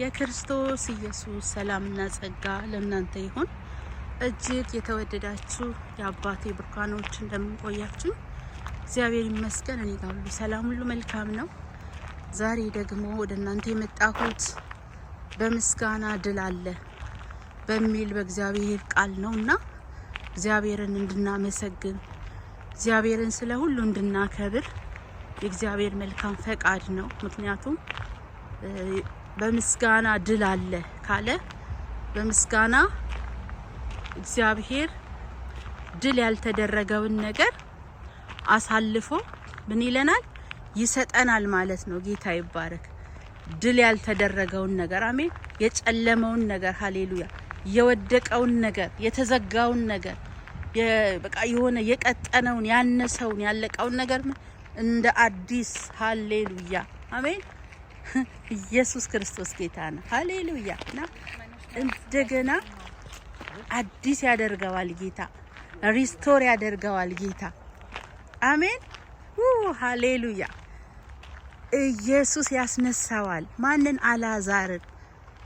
የክርስቶስ ኢየሱስ ሰላምና ጸጋ ለእናንተ ይሁን። እጅግ የተወደዳችሁ የአባቴ ብርኳኖች እንደምንቆያችሁ እግዚአብሔር ይመስገን። እኔ ጋር ሁሉ ሰላም፣ ሁሉ መልካም ነው። ዛሬ ደግሞ ወደ እናንተ የመጣሁት በምስጋና ድል አለ በሚል በእግዚአብሔር ቃል ነው እና እግዚአብሔርን እንድናመሰግን እግዚአብሔርን ስለ ሁሉ እንድናከብር የእግዚአብሔር መልካም ፈቃድ ነው ምክንያቱም በምስጋና ድል አለ ካለ በምስጋና እግዚአብሔር ድል ያልተደረገውን ነገር አሳልፎ ምን ይለናል ይሰጠናል ማለት ነው። ጌታ ይባረክ። ድል ያልተደረገውን ነገር አሜን። የጨለመውን ነገር ሀሌሉያ፣ የወደቀውን ነገር፣ የተዘጋውን ነገር፣ በቃ የሆነ የቀጠነውን፣ ያነሰውን፣ ያለቀውን ነገር እንደ አዲስ ሀሌሉያ አሜን ኢየሱስ ክርስቶስ ጌታ ነው። ሀሌሉያ እና እንደገና አዲስ ያደርገዋል ጌታ፣ ሪስቶር ያደርገዋል ጌታ። አሜን ሀሌሉያ። ኢየሱስ ያስነሳዋል። ማንን? አላዛርን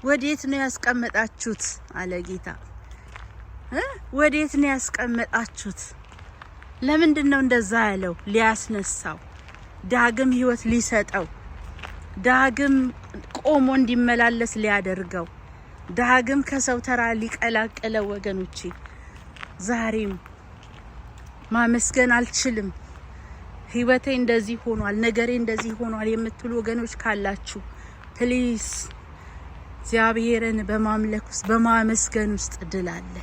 ወዴት ነው ያስቀመጣችሁት? አለ ጌታ። ወዴት ነው ያስቀመጣችሁት? ለምንድን ነው እንደዛ ያለው? ሊያስነሳው ዳግም ህይወት ሊሰጠው ዳግም ቆሞ እንዲመላለስ ሊያደርገው ዳግም ከሰው ተራ ሊቀላቅለው። ወገኖቼ ዛሬም ማመስገን አልችልም፣ ህይወቴ እንደዚህ ሆኗል፣ ነገሬ እንደዚህ ሆኗል የምትሉ ወገኖች ካላችሁ ፕሊስ እግዚአብሔርን በማምለክ ውስጥ በማመስገን ውስጥ ድል አለ።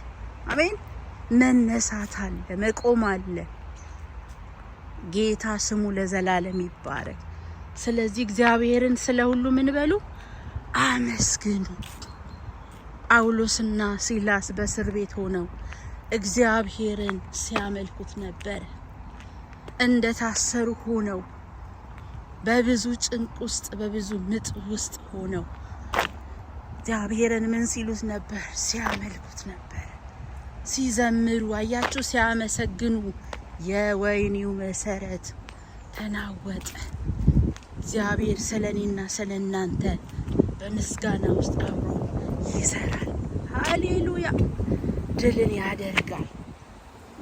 አሜን። መነሳት አለ፣ መቆም አለ። ጌታ ስሙ ለዘላለም ይባረክ። ስለዚህ እግዚአብሔርን ስለ ሁሉ ምን በሉ አመስግኑ። ጳውሎስና ሲላስ በእስር ቤት ሆነው እግዚአብሔርን ሲያመልኩት ነበር። እንደ ታሰሩ ሆነው በብዙ ጭንቅ ውስጥ በብዙ ምጥ ውስጥ ሆነው እግዚአብሔርን ምን ሲሉት ነበር? ሲያመልኩት ነበር። ሲዘምሩ አያችሁ፣ ሲያመሰግኑ የወይኒው መሰረት ተናወጠ። እግዚአብሔር ስለ እኔና ስለ እናንተ በምስጋና ውስጥ አብሮ ይሰራል። ሀሌሉያ ድልን ያደርጋል።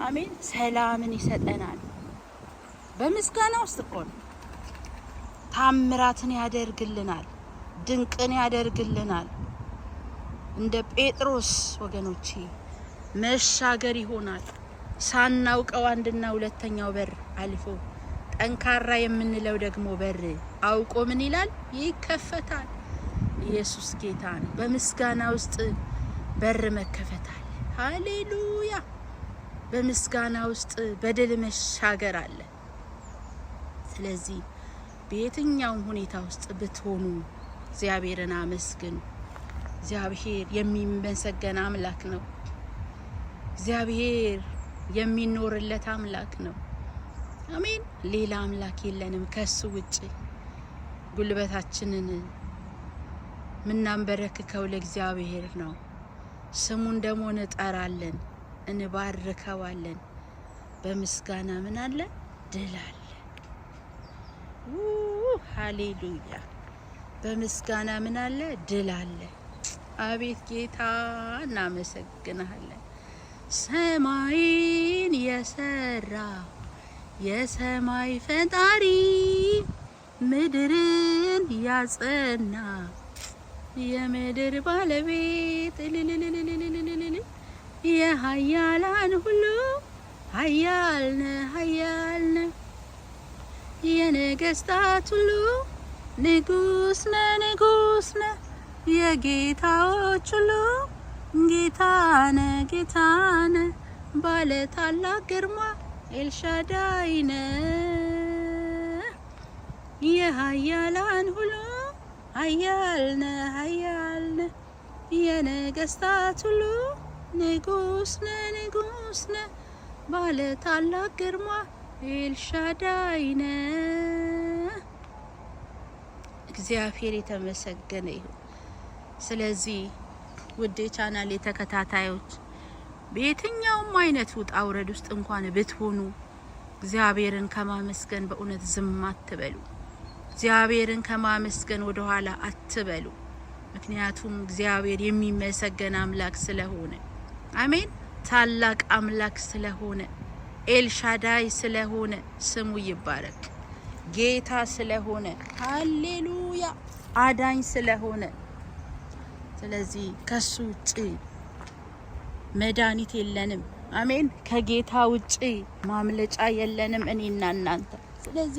አሜን። ሰላምን ይሰጠናል። በምስጋና ውስጥ እኮ ነው። ታምራትን ያደርግልናል። ድንቅን ያደርግልናል። እንደ ጴጥሮስ ወገኖቼ መሻገር ይሆናል። ሳናውቀው አንድና ሁለተኛው በር አልፎ ጠንካራ የምንለው ደግሞ በር አውቆ ምን ይላል? ይከፈታል። ኢየሱስ ጌታ ነው። በምስጋና ውስጥ በር መከፈታል። ሃሌሉያ። በምስጋና ውስጥ በድል መሻገር አለ። ስለዚህ በየትኛውም ሁኔታ ውስጥ ብትሆኑ እግዚአብሔርን አመስግኑ። እግዚአብሔር የሚመሰገን አምላክ ነው። እግዚአብሔር የሚኖርለት አምላክ ነው። አሜን። ሌላ አምላክ የለንም ከሱ ውጭ። ጉልበታችንን ምናንበረክከው ለእግዚአብሔር ነው። ስሙን ደግሞ እንጠራለን፣ እንባርከዋለን። በምስጋና ምን አለ ድል አለ። ሃሌሉያ። በምስጋና ምን አለ ድል አለ። አቤት ጌታ እናመሰግናለን። ሰማይን የሰራ የሰማይ ፈጣሪ ምድርን ያጸና የምድር ባለቤት የሀያላን ሁሉ ሀያልነ ሀያልነ የነገስታት ሁሉ ንጉስነ ንጉስነ የጌታዎች ሁሉ ጌታነ ጌታነ ባለ ታላቅ ግርማ ኤልሻዳይነ የሀያላን ሁሉ ሀያልነ ሀያልነ የነገስታት ሁሉ ንጉስነ ንጉስነ ባለ ታላቅ ግርማ ኤልሻዳይነ እግዚአብሔር የተመሰገነ ይሁን። ስለዚህ ውድ ቻናል የተከታታዮች በየትኛውም አይነት ውጣ ውረድ ውስጥ እንኳን ብትሆኑ እግዚአብሔርን ከማመስገን በእውነት ዝም አትበሉ። እግዚአብሔርን ከማመስገን ወደ ኋላ አትበሉ። ምክንያቱም እግዚአብሔር የሚመሰገን አምላክ ስለሆነ፣ አሜን። ታላቅ አምላክ ስለሆነ፣ ኤልሻዳይ ስለሆነ፣ ስሙ ይባረክ። ጌታ ስለሆነ፣ ሃሌሉያ፣ አዳኝ ስለሆነ፣ ስለዚህ ከሱ ውጭ መድኃኒት የለንም። አሜን። ከጌታ ውጪ ማምለጫ የለንም እኔና እናንተ። ስለዚህ